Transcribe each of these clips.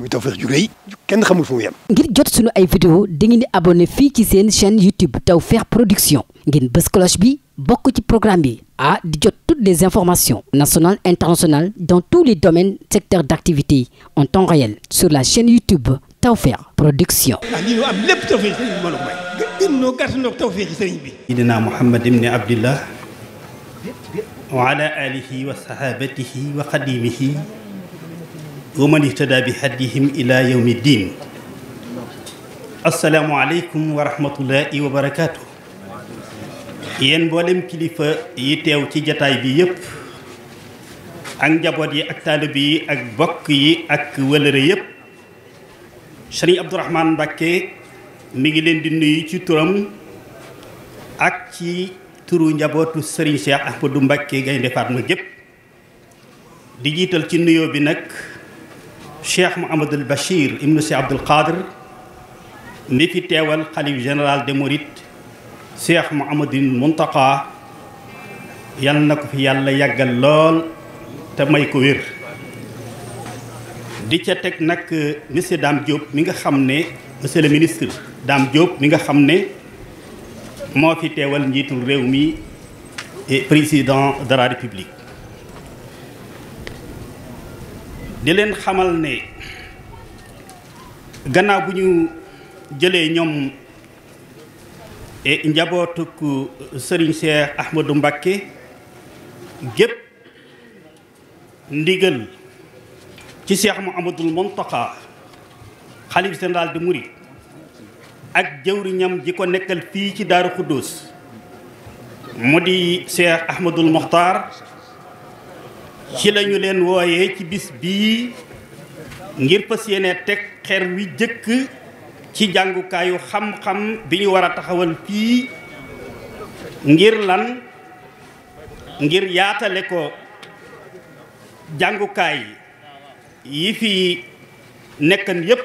muy Tawfekh ju rëy kenn xamul fu mu yem. ngir jot sunu ay vidéo dangeen di abonné fii ci seen chaîne YouTube Tawfekh Production ngeen bës bi bokk ci programme bi ah di jot toutes les informations nationales internationales dans tous les domaines secteurs d'activité en temps réel sur la chaîne YouTube Tawfekh Production. ah lii ñu am lépp Tawfekh sëriñ bi ma la may. gën noo gàtt noo Tawfekh sëriñ bi. Seydina Muhammad wa wa man ihtada bi haddihim ila yawmi ddin asalaamualeykum wa rahmatullahi wa barakaatu mboolem kilifa yi teew ci jataay bi yépp ak njaboot yi ak taalib yi ak bokk yi ak wëlëre yépp Sëriñ Abdourahmane Mbacké mi ngi leen di nuyu ci turam ak ci turu njabootu Serigne Cheikh Ahmadou Mbacké Gaïndé Fatma gépp di jiital ci nuyoo bi nag cheikh Mouhamadul Bachir ibnu si Abdul Qadir mi fi teewal xalif général de des Mourides cheikh Mouhamadul Mountakha yal na ko fi yàlla yàggal lool te may ko wér. di ca teg nag monsieur Dame Diop mi nga xam ne monsieur le ministre Dame Diop mi nga xam ne moo fi teewal njiitul réew mi et président de la république. di leen xamal ne gannaaw bu ñu jëlee ñoom e njabootuk sëriñ Cheikh Ahmadou Mbacké gépp ndigal ci Cheikh Mouhamadoul Mountakha xalif général de Mouride ak jëwriñam ji ko nekkal fii ci Daaru Xuddoos mu di Cheikh Ahmadul Mokhtar ci lañu leen wooye ci bis bii ngir fas yéene teg xer wi jëkk ci jàngukaayu xam-xam bi ñu war a taxawal fii ngir lan ngir yaatale ko jàngukaay yi fi nekkan yépp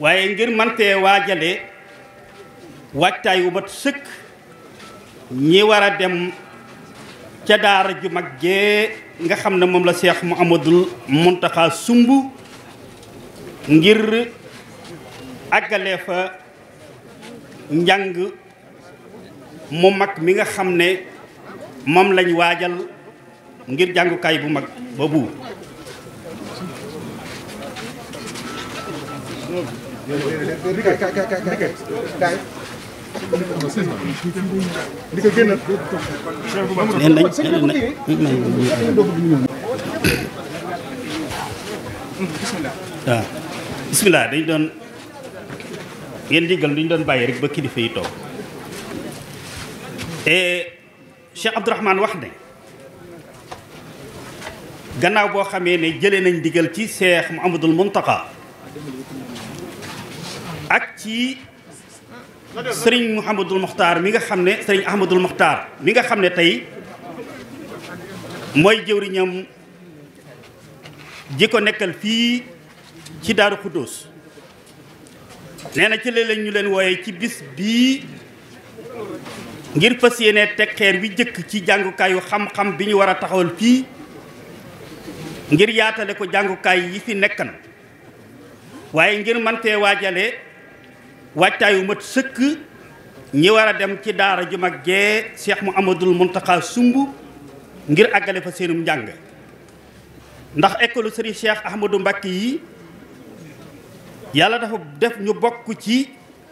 waaye ngir mantee waajale waajtaay wu mat sëkk ñi war a dem ca daara ju mag jee nga xam ne moom la Cheikh Mouhamadul Mountakha sumb ngir àggale fa njàng mu mag mi nga xam ne moom lañ waajal ngir jàngukaay bu mag boobu di ko génn. dañ doon ngeen diggal duñ doon bàyyi rek ba kilifa yi toog te Cheikh wax ne gannaaw boo xamee ne jëlee nañ digal ci Cheikh Mouhamadoul Mountakha ak ci. sëriñ Mouhamadul Mokhtar mi nga xam ne sëriñ Ahmadul Mokhtar mi nga xam ne tey mooy jëwriñam ji ko nekkal fii ci Daaru Xuddoos nee na ci léeg ñu leen wooye ci bis bii ngir fas yéene teg xeer bi jëkk ci jàngukaayu xam-xam bi ñu war a taxawal fii ngir yaatale ko jàngukaay yi fi nekkan waaye ngir mantee waajale waajtaay wu mat sëkk ñi war a dem ci daara ju mag jee Cheikh Mouhamadoul Mountakha sumb ngir àggale fa seenum njàng ndax école Serigne Cheikh Ahmadou Mbacké yi yàlla dafa def ñu bokk ci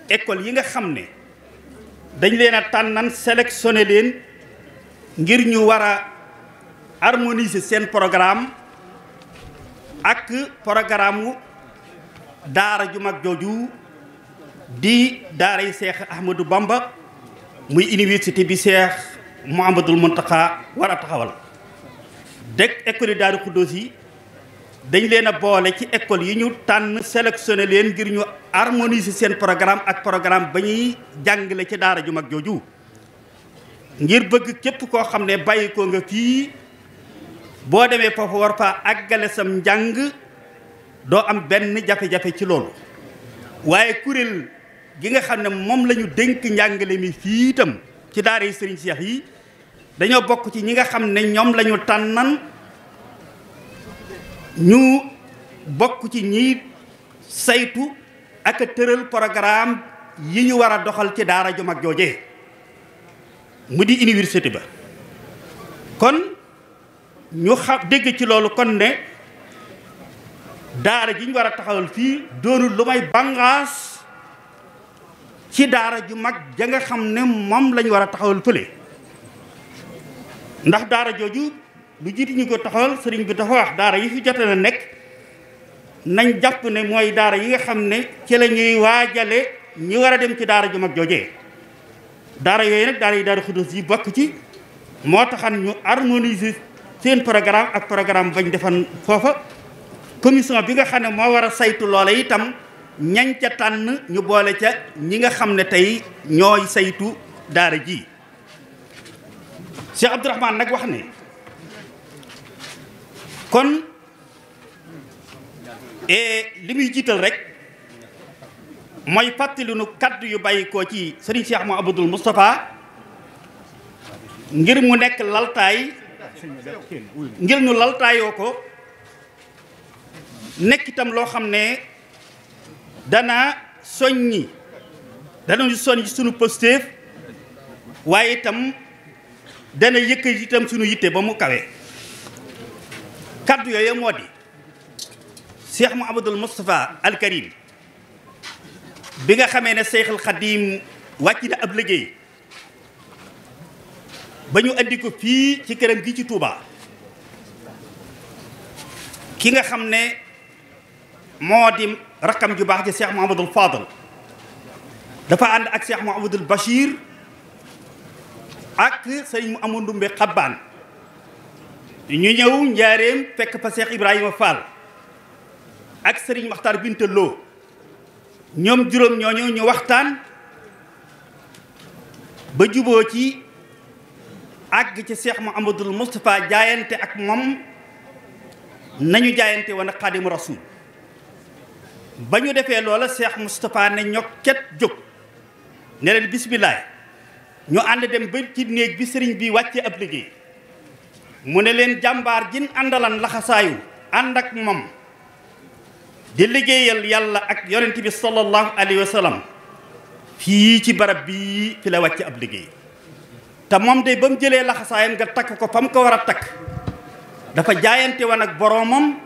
école yi nga xam ne dañ leen a tànnan sélectionné leen ngir ñu war a harmoniser seen programme ak programme daara ju mag jooju di yi seex Ahmadou Bamba muy université bi seex Mouhamadul Mountakha war a taxawal dëkk école yi Daaru Xuddoos yi dañ leen a boole ci école yi ñu tànn sélectionné leen ngir ñu harmoniser seen programme ak programme ba ñuy jàngale ci daara ju mag jooju ngir bëgg képp koo xam ne bàyyi nga fii boo demee foofu war fa àggale sam njàng doo am benn jafe-jafe ci loolu waaye kuréel gi nga xam ne moom lañu dénk njàngale mi fii itam ci daara yi sëriñ Cheikh yi dañoo bokk ci ñi nga xam ne ñoom la ñu tànnan ñu bokk ci ñi saytu ak a tëral programme yi ñu war a doxal ci daara ju mag jooje mu di université ba kon ñu xam dégg ci loolu kon ne daara ji ñu war a taxawal fii doonul lu may bàngaas ci daara ju mag ja nga xam ne moom lañu war a taxawal fële ndax daara jooju lu jiitu ñu ko taxawal sëriñ bi dafa wax daara yi fi jotale na nekk nañ jàpp ne mooy daara yi nga xam ne ci la ñuy waajale ñi war a dem ci daara ju mag joojee daara yooyu nag daara yi daara xudus yi bokk ci moo taxan ñu harmoniser seen programme ak programme bañ defan foofa commission bi nga xam ne moo war a saytu loole itam ñañ ca tànn ñu boole ca ñi nga xam ne tey ñooy saytu daara ji Cheikh Abdourahmane nag wax ne kon e li muy jiital rek mooy fàttali nu kaddu yu bàyyi ko ci sëriñ Cheikh Mouhamadoul Moustapha ngir mu nekk laltaay ngir ñu laltaayoo ko nekk itam loo xam ne dana soññi danañu soññi suñu postéef waaye itam dana yëkkati itam suñu yitte ba mu kawe kàddu yooyu moo di Cheikh Mouhamadoul Moustapha Al Karim bi nga xamee ne Cheikhul Khadim wàcc na ab liggéey ba ñu andi ko fii ci këram gi ci Touba ki nga xam ne moo di rakkam ju baax ci Cheikh Mouhamadul Fadal dafa ànd ak Cheikh Mouhamadul Bachir ak mu Amadou Ndumbe Xabbaan ñu ñëw njaareem fekk fa Cheikh Ibrahima Fall ak sëriñ Maxtar Binta Lo ñoom juróom ñooñu ñu waxtaan ba juboo ci àgg ci Cheikh Mouhamadul Moustapha jaayante ak moom nañu jaayante woon ak Xaadimu Rasuul ba ñu defee loola Cheikh Moustapha ne ñokket jóg ne leen bisimilah ñu ànd dem ba ci néeg bi sëriñ bi wàcce ab liggéey mu ne leen jàmbaar jin àndalan laxasaayu ànd ak moom di liggéeyal yàlla ak yonent bi sallallahu alayhi wa fii ci barab bi fi la wàcce ab liggéey te moom de ba mu jëlee laxasaayam nga takk ko fa mu ko war a takk dafa jaayante woon ak boroomam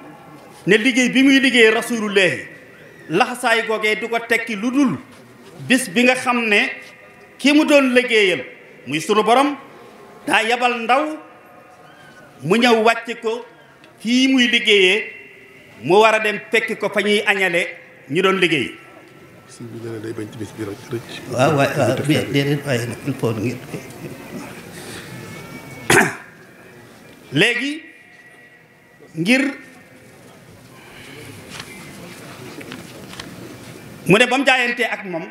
ne liggéey bi muy liggéey rasulullahi laxasaay googee du ko tekki lu dul bis bi nga xam ne kii mu doon liggéeyal muy sunu borom daa yabal ndaw mu ñëw wàcc ko kii muy liggéeyee mu war a dem fekki ko fa ñuy añale ñu doon liggéey. waaw waaw waaw léegi ngir. mu ne ba mu jaayantee ak moom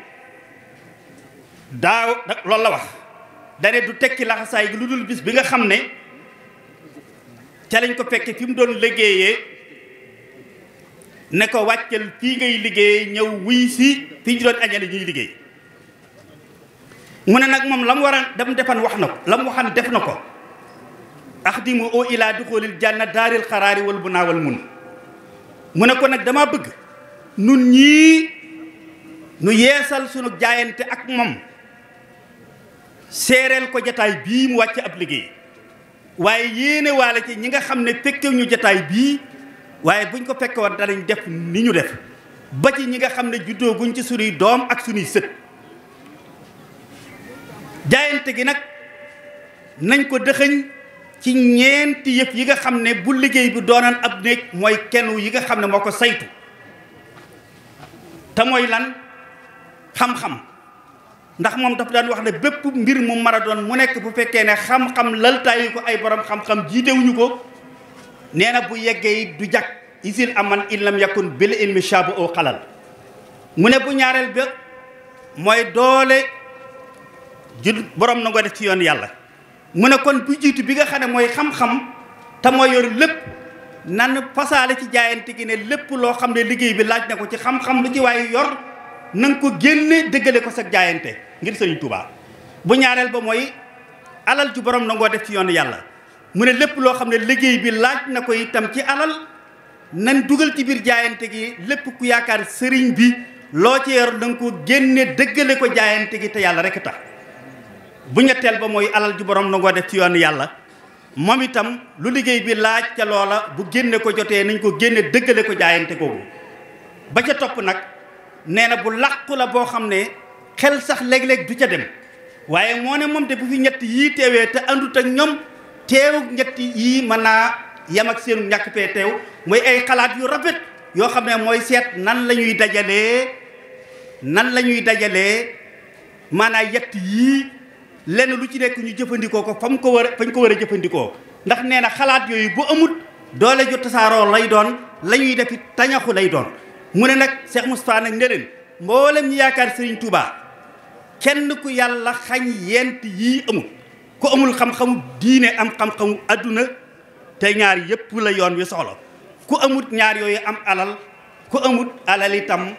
daaw loolu la wax dane du tekki laxasaay gi lu dul bis bi nga xam ne ca lañ ko fekkee fi mu doon liggéeyee ne ko wàccal fii ngay liggéey ñëw wuy si fii ñu doon añale ñuy liggéey mu ne nag moom la mu war a dem defan wax na ko la mu waxan def na ko axdimu o ila duxoolil na daaril xaraari wal bu naawal mun mu ne ko nag dama bëgg nun ñii nu yeesal sunu jaayante ak moom seereel ko jataay bii mu wàcc ab liggéey waaye yéene waale ci ñi nga xam ne fekkew jataay bii waaye buñ ko fekke woon danañ def ni ñu def ba ci ñi nga xam ne juddoo ci sunuy doom ak sunuy sët jaayante gi nag nañ ko dëxëñ ci ñeenti yëf yi nga xam ne bu liggéey bi doonan ab néeg mooy kenn yi nga xam ne moo ko saytu te mooy lan xam-xam ndax moom dafa daan wax na bépp mbir mu mën a doon mu nekk bu fekkee ne xam-xam laltaayu ko ay borom xam-xam jiitewuñu ko nee na bu yeggee du jag isil aman illam yakun bil ilmi shabu oo xalal mu ne bu ñaareel ba mooy doole ju borom na ko def ci yoon yàlla mu ne kon bu jiitu bi nga xam ne mooy xam-xam te mooy yor lépp nan fasaale ci jaayante gi ne lépp loo xam ne liggéey bi laaj na ko ci xam-xam lu ci waaye yor na nga ko génne dëggale ko sag jaayante ngir sëriñ Touba bu ñaareel ba mooy alal ju borom nangoo def ci yoonu yàlla mu ne lépp loo xam ne liggéey bi laaj na ko itam ci alal nan dugal ci biir jaayante gi lépp ku yaakaar sëriñ bi loo ci yor ko génne dëggale ko jaayante te yàlla rek tax bu ñetteel ba mooy alal borom nangoo def ci yoonu yàlla moom itam lu liggéey bi laaj ca loola bu génne ko jotee nañ ko génne dëggale ko jaayante googu ba ca topp nag nee na bu làqu la boo xam ne xel sax léeg-léeg du ca dem waaye moo ne moom de bu fi ñett yii teewee te àndut ak ñoom teewug ñett yii mën naa yem ak seenu ñàkk pee teew mooy ay xalaat yu rafet yoo xam ne mooy seet nan la ñuy dajalee nan la ñuy dajalee maanaam yett yii lenn lu ci nekk ñu jëfandikoo ko fa mu ko war a fañ ko war a jëfandikoo ndax nee na xalaat yooyu bu amut doole ju tasaaroo lay doon la ñuy def tañaxu lay doon mu ne nag Cheikh Moustapha nag ne leen mboolem ñi yaakaar Serigne Touba kenn ku yàlla xañ yent yii amul ku amul xam-xamu diine am xam-xamu adduna te ñaar yépp la yoon wi soxla ku amut ñaar yooyu am alal ku amut alal itam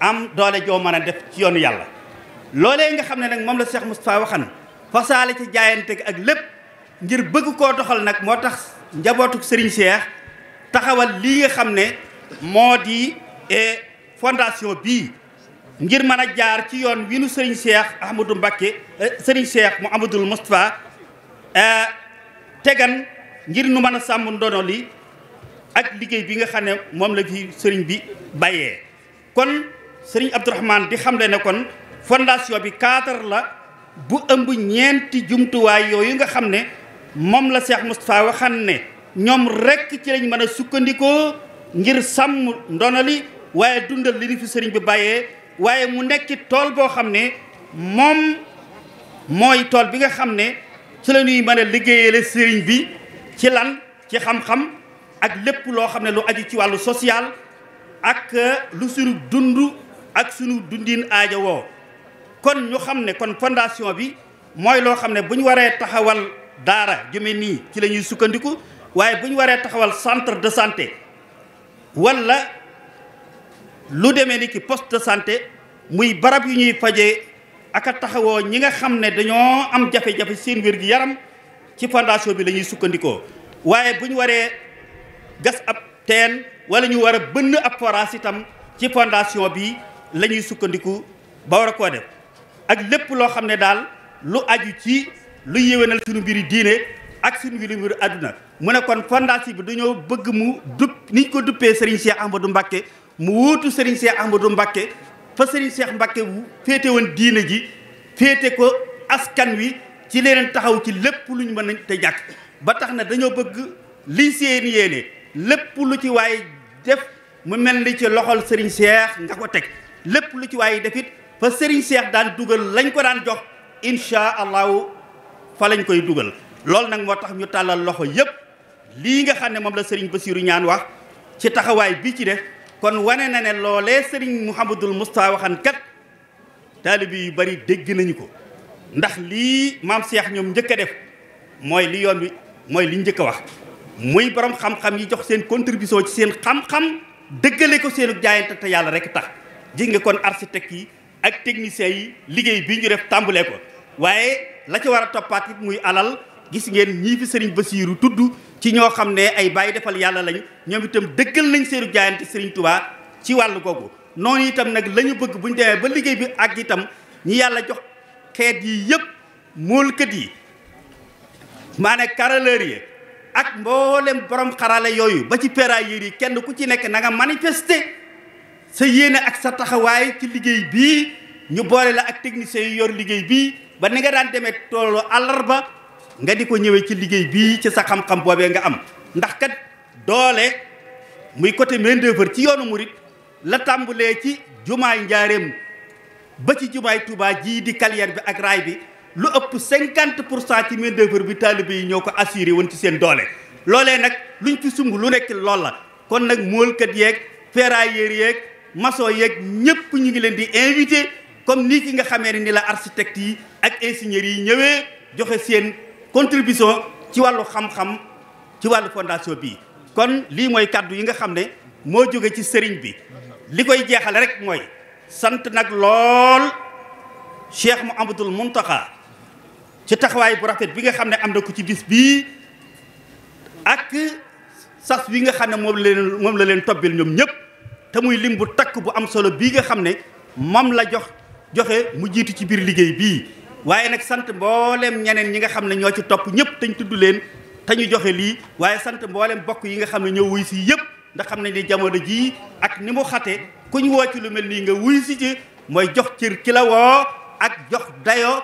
am doole joo mën a def ci yoonu yàlla loolee nga xam ne nag moom la Cheikh Moustapha waxan fasaale ci jaayante gi ak lépp ngir bëgg koo doxal nag moo tax njabootuk Serigne Cheikh taxawal li nga xam ne moo di et fondation bii ngir mën a jaar ci yoon wi nu Serigne Cheikh Ahmadou Mbacké e, Serigne Cheikh Mouhamadoul Moustapha e, tegan ngir nu mën a sàmm ndono li ak liggéey bi nga xam ne moom la fi sëriñ bi bàyyee kon sëriñ Abdourahmane di xamle ne kon fondation bi cadre la bu ñeenti jumtuwaay yooyu nga xam ne moom la Cheikh Moustapha waxan ne ñoom rekk ci lañ mën a sukkandikoo ngir sàmm ndono li waaye dundal li ñu fi sëriñ bi bàyyee waaye mu nekk tool boo xam ne moom mooy tool bi nga xam ne ci la ñuy liggéeyale sëriñ bi ci lan ci xam-xam ak lépp loo xam ne lu aju ci wàllu social ak uh, lu sunu dund ak sunu dundin aaja woo kon ñu xam ne kon fondation bi mooy loo xam ne bu ñu waree taxawal daara jume nii ci lañuy sukkandiku waaye buñ waree taxawal centre de santé wala lu demee ni ki poste de santé muy barab yu ñuy fajee ak a taxawoo ñi nga xam ne dañoo am jafe-jafe seen wér-gi-yaram ci fondation bi la ñuy sukkandikoo waaye bu ñu waree gas ab teen wala ñu war a bënn ab itam ci fondation bi la sukkandiku ba war a koo def ak lépp loo xam ne daal lu aju ci lu na yéwénal suñu mbiri diine ak suñu mbiri mbiru àdduna mu ne kon fondation bi dañoo bëgg mu dupp niñ ko duppee Serigne Cheikh Ahmadou Mbacké mu wuutu Serigne Cheikh Ahmadou Mbacké fa Serigne Cheikh Mbacké bu féete woon diine ji féete ko askan wi ci leneen taxaw ci lépp lu ñu mën nañ te jàkk ba tax na dañoo bëgg li seen yéene lépp lu ci waaye def mu mel ni ci loxol Serigne Cheikh nga ko teg lépp lu ci waaye def it fa Serigne Cheikh daan dugal lañ ko daan jox insha allahu fa lañ koy dugal loolu nag moo tax ñu tàllal loxo yépp lii nga xam ne moom la Serigne Bassirou ñaan wax ci taxawaay bii ci def kon wane na ne loolee sëriñ Mouhamadul Moustapha waxan kat taalibi yu bari dégg nañu ko ndax lii maam Cheikh ñoom njëkk a def mooy li yoon bi mooy li njëkk wax muy borom xam-xam yi jox seen contribution ci seen xam-xam dëggale ko seenu jaayante te yàlla rek tax ji nga kon architecte yi ak techniciens yi liggéey bii ñu def tàmbalee ko waaye la ci war a toppaat it muy alal gis ngeen ñii fi sëriñ Basiiru tudd ci ñoo xam ne ay bàyyi defal yàlla lañ ñoom itam dëggal nañ seenu jaayante Serigne Touba ci wàllu googu noonu itam nag lañu bëgg bu ñu demee ba liggéey bi ak itam ñu yàlla jox xeet yi yëpp moolkat yi maanaam carreleur yi ak mboolem borom xarale yooyu ba ci ferrailleurs yi kenn ku ci nekk na nga manifester sa yéene ak sa taxawaay ci liggéey bi ñu boole la ak techniciens yi yor liggéey bi ba ni nga daan demee toolu àllarba nga di ko ñëwee ci liggéey bii ci sa xam-xam boobee nga am ndax kat doole muy côté main d'œuvre ci yoonu murit la tàmbulee ci jumaay njaareem ba ci jumaay Touba jii di carrière bi ak raay bi lu ëpp cinquante pour cent ci main d'œuvre bi taalibe yi ñoo ko assuré woon ci seen doole loolee nag ñu ci sumb lu nekk lool la kon nag moolkat yeeg ferrailleur yeeg maçon yeeg ñëpp ñu ngi leen di invité comme nii ki nga xamee ne ni la architecte yi ak ingénieurs yi ñëwee joxe seen contribution ci wàllu xam-xam ci wàllu fondation bi kon lii mooy kàddu yi nga xam ne moo jóge ci sëriñ bi li koy jeexal rek mooy sant nag lool Cheikh Mouhamadoul Mountakha ci taxawaay bu rafet bi nga xam ne am na ko ci bis bii ak sas wi nga xam ne moom la leen moom la leen tobbil ñoom ñëpp te muy lim bu takk bu am solo bii nga xam ne moom la jox joxe mu jiitu ci biir liggéey bii waaye nag sant mbooleem ñeneen ñi nga xam ne ñoo ci topp ñëpp tañ tudd leen te ñu joxe lii waaye sant mboolem bokk yi nga xam ne ñoo wuy si yëpp ndax xam nañ ni jamono jii ak ni mu xate kuñ woo ci lu mel nii nga wuy si ci mooy jox cër ki la woo ak jox dayoo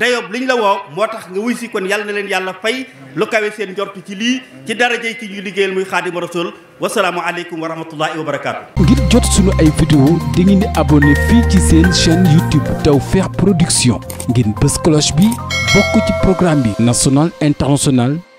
dayob liñ la woow moo tax nga wuy si kon yàlla na leen yàlla fay lu kawe seen njort ci lii ci darajey ki ñuy liggéeyal muy xaadima rasul wasalaamu aleykum wa rahmatullahi wa barakaatu. ngir jot suñu ay vidéo di ngeen di abonné fii ci seen chaîne YouTube Tawfekh Production ngeen bës cloche bi bokk ci programme bi national international